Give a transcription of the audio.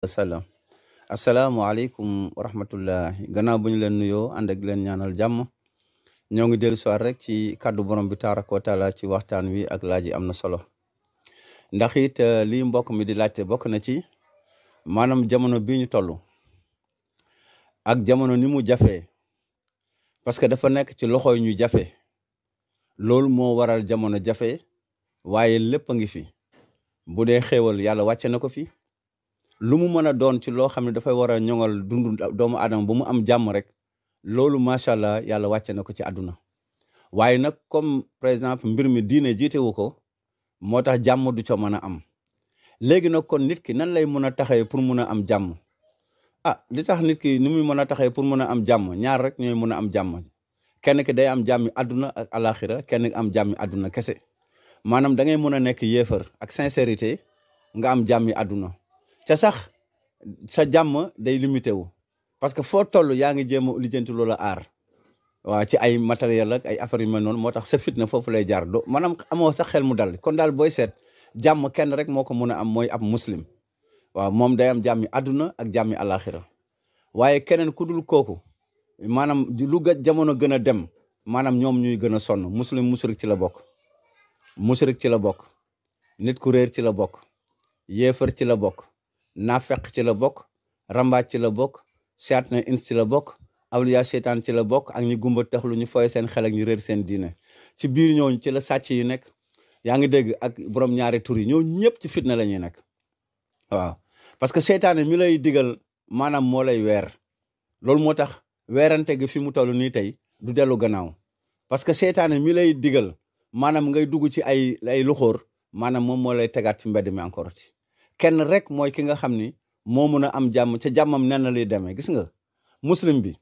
wasallam asalaamaaleykum wa rahmatullah gannaaw bu ñu leen nuyoo ànd ak leen ñaanal jàmm ñoo ngi dellu soir rek ci kàddu borom bi taaraka wa ci waxtaan wi ak laaj yi am na solo ndax it eh, lii mbokk mi di laajte bokk na ci maanaam jamono bi ñu toll ak jamono ni mu jafee parce que dafa nekk ci loxo yi ñu jafe loolu moo waral jamono jafe waaye lépp a ngi fi bu dee xéewal yàlla wàcce na ko fi lu mu mën a doon ci loo xam ne dafay war a ñoŋal dundu doomu aadama ba mu am jàmm rek loolu macha allah yàlla wàcce na ko ci àdduna waaye nag comme par exemple mbir mi diine jiitewu ko moo tax jàmm du ca mën a am léegi nag kon nit ki nan lay mën a taxee pour mun a am jàmm ah li tax nit ki ni muy mën a taxee pour mun a am jàmm ñaar rek ñooy mun a am jàmm kenn ki day am jàmmi àdduna ak alaxira kenn am jàmmi àdduna kese maanaam da ngay mën a nekk yéefar ak sincérité nga am jàmmi àdduna te sax sa jàmm day limité wu parce que foo toll yaa ngi jéem a lijjanti loola aar waaw ci ay matériel ak ay affaire yu mel noonu moo tax sa fit na foofu lay jaar do amoo sax xel mu dal kon daal booy seet jàmm kenn rek moo ko mun a am mooy ab muslim waaw moom day am jàmmi àdduna ak jàmmi àllaaxira waaye keneen ku dul kooku maanaam lu ga jamono gën a dem maanaam ñoom ñuy gën a sonn muslim musrik ci la bokk musrik ci la bokk nit ku réer ci la bokk yéefar ci la bokk naafeq ci la bokk rambaaj ci la bokk siyaat na ins ci la bokk awliya seytaan ci la bokk ak ñi gumba taxlu ñu fooy seen xel ak ñu réer seen diine ci biir ñooñu ci la sàcc yi nekk yaa ngi dégg ak borom ñaari tur yi ñoo ñëpp ci fitna la ñuy nekk waaw parce que seytaane mi lay digal maanaam moo lay weer loolu moo tax weerante gi fi mu toll nii tey du dellu gannaaw parce que seytaane mi lay digal maanaam ngay dugg ci ay ay luxóor maanaam moom moo lay tegaat ci mbedd mi encore ci kenn rek mooy ki nga xam ni moo mun a am jàmm ca jàmmam nen na lay demee gis nga muslim bi